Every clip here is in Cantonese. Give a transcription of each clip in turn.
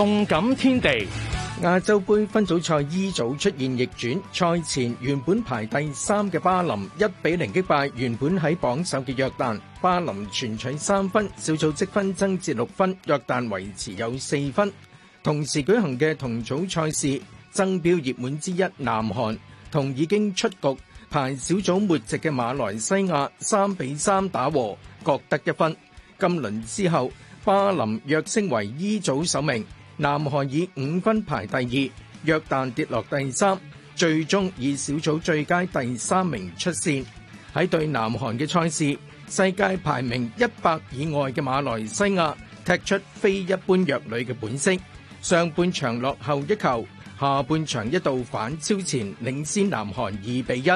動感天地，亞洲盃分組賽 E 組出現逆轉，賽前原本排第三嘅巴林一比零擊敗原本喺榜首嘅約旦，巴林全取三分，小組積分增南韓以五分排第二，約旦跌落第三，最終以小組最佳第三名出線。喺對南韓嘅賽事，世界排名一百以外嘅馬來西亞踢出非一般弱旅嘅本色，上半場落後一球，下半場一度反超前，領先南韓二比一，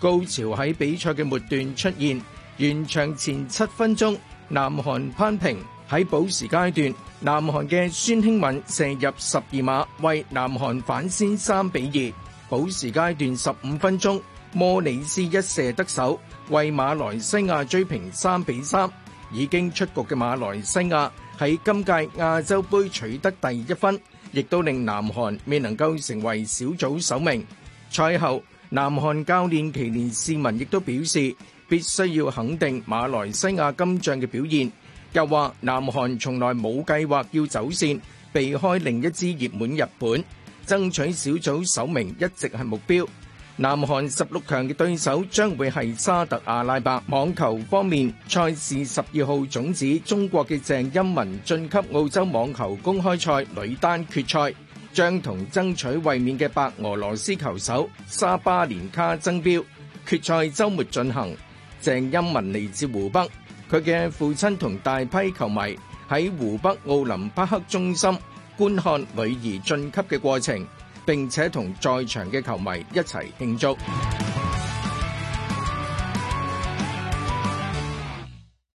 高潮喺比賽嘅末段出現，完場前七分鐘南韓攀平。喺補時階段，南韓嘅孫興敏射入十二碼，為南韓反先三比二。補時階段十五分鐘，莫里斯一射得手，為馬來西亞追平三比三。已經出局嘅馬來西亞喺今屆亞洲盃取得第一分，亦都令南韓未能夠成為小組首名。賽後，南韓教練奇連士文亦都表示，必須要肯定馬來西亞今仗嘅表現。又話，南韓從來冇計劃要走線，避開另一支熱門日本，爭取小組首名一直係目標。南韓十六強嘅對手將會係沙特阿拉伯。網球方面，賽事十二號種子中國嘅鄭欽文晉級澳洲網球公開賽女單決賽，將同爭取衛冕嘅白俄羅斯球手沙巴連卡爭標。決賽週末進行。鄭欽文嚟自湖北。佢嘅父親同大批球迷喺湖北奧林匹克中心觀看女兒晉級嘅過程，並且同在場嘅球迷一齊慶祝。